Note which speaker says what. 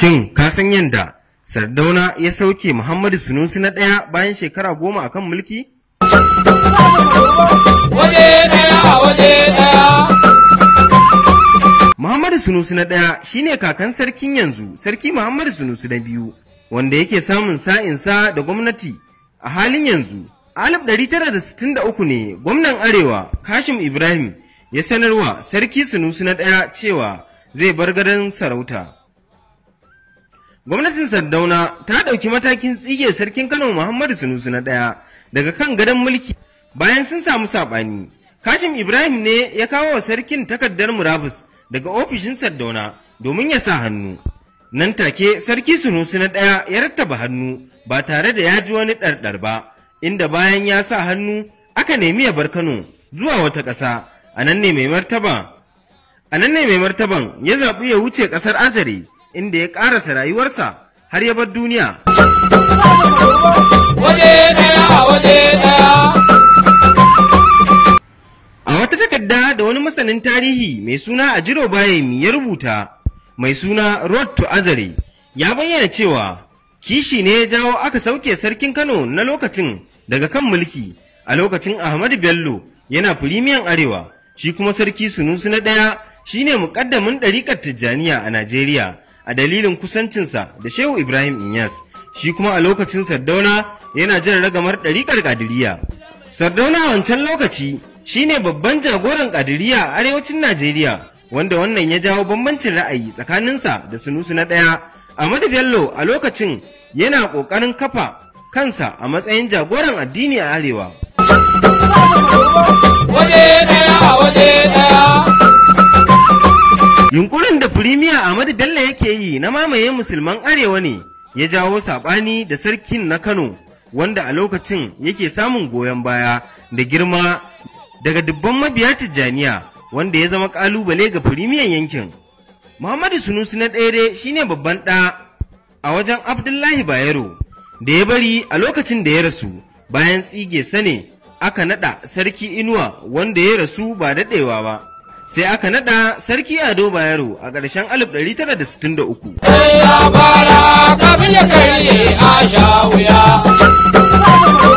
Speaker 1: Shin ka san yadda Sardauna ya sauke Muhammadu Sunusi na ɗaya bayan shekara goma akan mulki? a waje ɗaya. Muhammadu Sunusi na ɗaya shine kakan sarkin yanzu Sarki Muhammadu Sunusi na biyu wanda yake samun sa'insa da gwamnati a halin yanzu. Alif ɗari tara da sittin da uku ne gwamnan Arewa Kashim Ibrahim ya sanarwa Sarki Sunusi na ɗaya cewa zai bar gadon sarauta. Gwamnatin Sardauna ta ɗauki matakin tsige sarkin Kano Muhammadu Sunusu na ɗaya daga kan gadon mulki bayan sun samu saɓani. Kashim Ibrahim ne ya kawo wa sarkin takardar murabus daga ofishin Sardauna domin ya sa hannu. Nan take sarki Sunusu na ɗaya ya rattaba hannu ba tare da ya ji wani ɗarɗar ba, inda bayan ya sa hannu aka nemi ya bar Kano zuwa wata ƙasa, a nan ne mai martaba. A nan ne mai martaban ya zaɓi ya wuce ƙasar Azare. inda ya ƙarasa rayuwarsa har ya bar duniya. A wata takarda da wani masanin tarihi mai suna Ajiro Bayemi ya rubuta mai suna Road to Azare ya bayyana cewa kishi ne ya jawo aka sauke sarkin Kano na lokacin daga kan mulki a lokacin Ahmadu Bello yana firimiyan arewa shi kuma sarki Sunusu na ɗaya shine muƙaddamin ɗariƙar Tijjaniya a Najeriya. a dalilin kusancinsa da Shehu Ibrahim Inyas, shi kuma a lokacin Sardauna yana jin ragamar ɗariƙar Kadiriya. Sardauna wancan lokaci shi ne babban jagoran ƙadiriyya a arewacin Najeriya, wanda wannan ya jawo bambancin ra'ayi tsakaninsa da Sunusu na ɗaya. Ahmadu Bello a lokacin yana ƙoƙarin kafa kansa a matsayin jagoran addini a arewa. Waje ɗaya a waje ɗaya Firimiya Ahmadu Bello yake yi na mamaye musulman arewa ne ya jawo saɓani da sarkin na Kano wanda a lokacin yake samun goyon baya da girma daga dubban mabiya Tijjaniya wanda ya zama ƙalubale ga firimiyan yankin. Muhammadu Sunusi na ɗaya shine babban ɗa a wajen Abdullahi Bayero da ya bari a lokacin da ya rasu bayan tsige sane aka naɗa sarki inuwa wanda ya rasu ba daɗewa ba. sai aka nada sarki ado bayero a ƙarshen 1963 ya bara kafin ya karye a sha wuya